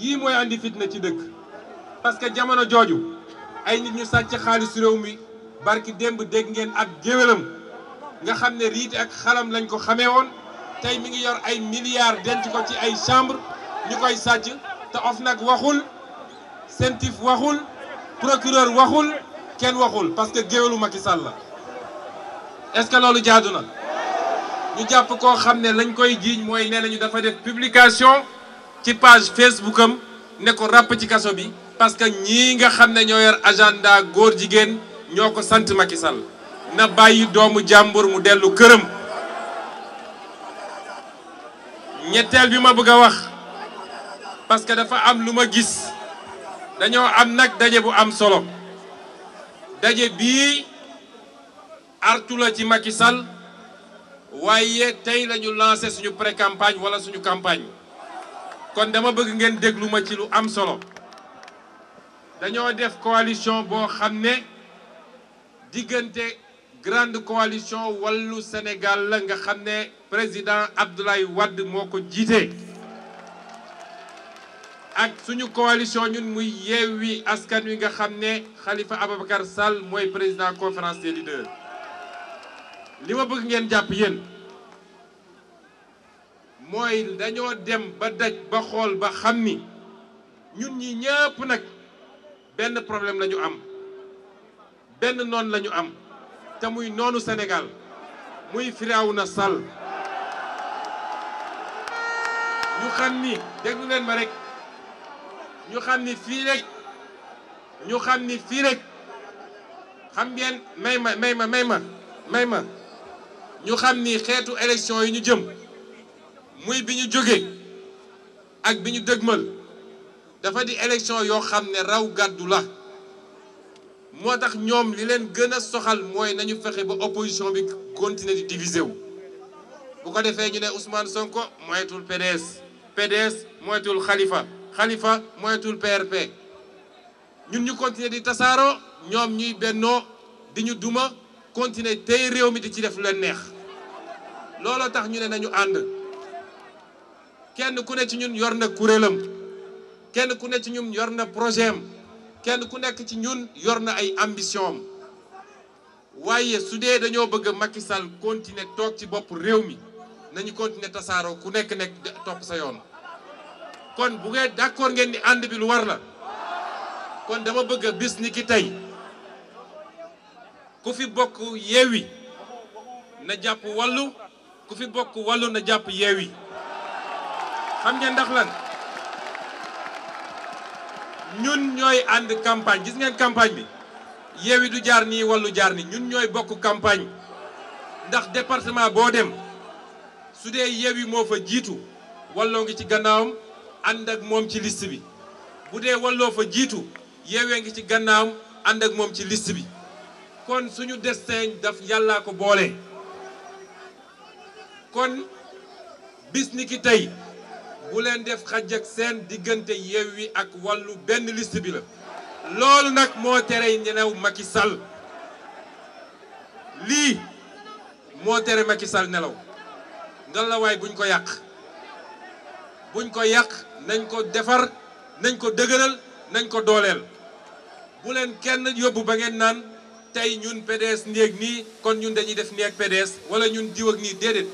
yii mooy andi fitna ci dëkk parce que jamono jooju ay nit ñu sàcc xaalis réew mi barki démb dégg ngeen ak géwélam nga xam ne riite ak xalam lañ ko xamee woon tey mi ngi yor ay milliards denc ko ci ay chambre ñu koy sàcc te nag waxul CENTIF waxul procureur waxul kenn waxul parce que géwélu Macky Sall la est-ce que loolu jaadu na ñu jàpp koo xam ne lañ koy jiiñ mooy nee nañu dafa def publication ci page Facebook am ne ko ràpp ci kaso bi parce que ñii nga xam ne ñoo yor agenda góor jigéen ñoo ko sant Macky Sall na bàyyi doomu jàmbur mu dellu këram ñetteel bi ma bëgg a wax parce que dafa am lu ma gis dañoo am nag daje bu am solo daje bii artu la ci Macky Sall waaye tey la ñu suñu pré campagne wala suñu campagne kon dama bëgg ngeen dégluma ci lu am solo dañoo def coalition boo xam ne diggante grande coalition wàllu Sénégal la nga xam ne président Abdoulaye Wade moo ko jiite ak suñu coalition ñun muy Yewwi Askan Wi nga xam ne Khalifa Ababacar Sall mooy président conférence des leaders li ma bëgg ngeen jàpp yéen mooy dañoo dem ba daj ba xool ba xam ni ñun ñi ñëpp nag benn problème lañu am benn noonu lañu am te muy noonu senegal muy Firawna Sall ñu xam ni déglu ma rek ñu xam ni fii rek ñu xam ni fii rek xam ngeen may ma may ma may ma may ñu xam ni xeetu élection yi ñu jëm muy bi ñu jóge ak bi ñu dëgmal dafa di élection yoo xam ne raw gàddu la moo tax ñoom li leen gën a soxal mooy nañu fexe ba opposition bi continuer di diviser wu. bu ko defee ñu ne Ousmane Sonko moyetul PDS PDS moyetul Khalifa xalifa moyetul PRP ñun ñu continuer di tasaaroo ñoom ñuy bennoo di ñu duma continuer tey réew mi di ci def leen neex looloo tax ñu ne nañu ànd. kenn ku ne ci ñun yor na kuréelam kenn ku ne ci ñun yor na projet kenn ku nekk ci ñun yor na ay ambition am waaye sudee dañoo bëgg a Macky Sall continuer toog ci bopp réew mi nañu continuer tasaaroo ku nekk nekk topp sa yoon. kon bu ngeen d'accord ngeen ni ànd bi lu war la kon dama bëgg a bis ni ki tey ku fi bokk yeewi na jàpp wallu ku fi bokk wallu na jàpp yeewi. xam ngeen ndax lan ñun ñooy ànd campagne gis ngeen campagne bi Yewwi du jaar nii Wallu jaar ni ñun ñooy bokk campagne ndax département boo dem su dee Yewwi moo fa jiitu Walloo ngi ci gannaawam ànd ak moom ci list bi bu dee Walloo fa jiitu Yewwi ngi ci gannaawam ànd ak moom ci liste bi kon suñu destin daf yàllaa ko boole kon bis ni ki tey bu leen def xaj ak seen diggante wi ak wàllu benn liste bi la loolu nag moo tere nelaw Macky Sall lii moo tere Macky Sall nelaw ngal la waay buñ ko yàq buñ ko yàq nañ ko defar nañ ko dëgëral nañ ko dooleel bu leen kenn yóbbu ba ngeen naan tey ñun PDS néeg nii kon ñun dañuy def néeg PDS wala ñun diw ak nii déedéet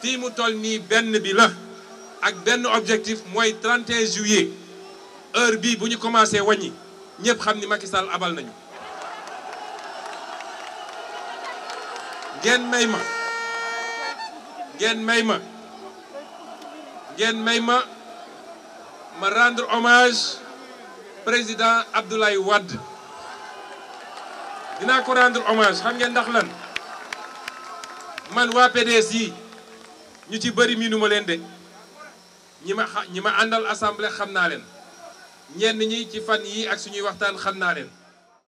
fii mu toll nii benn bi la ak benn objectif mooy 31 juillet heure bii bu ñu commencé wàññi ñëpp xam ni Macky Sall abal nañu. ngeen may ma ngeen may ma ngeen may ma ma rendre hommage président Abdoulaye Wade dina ko rendre hommage xam ngeen ndax lan man waa PDS yi ñu ci bëri miinuma leen de. ñi ma xa ñi ma àndal assemblée xam naa leen ñenn ñi ci fan yi ak suñuy waxtaan xam naa leen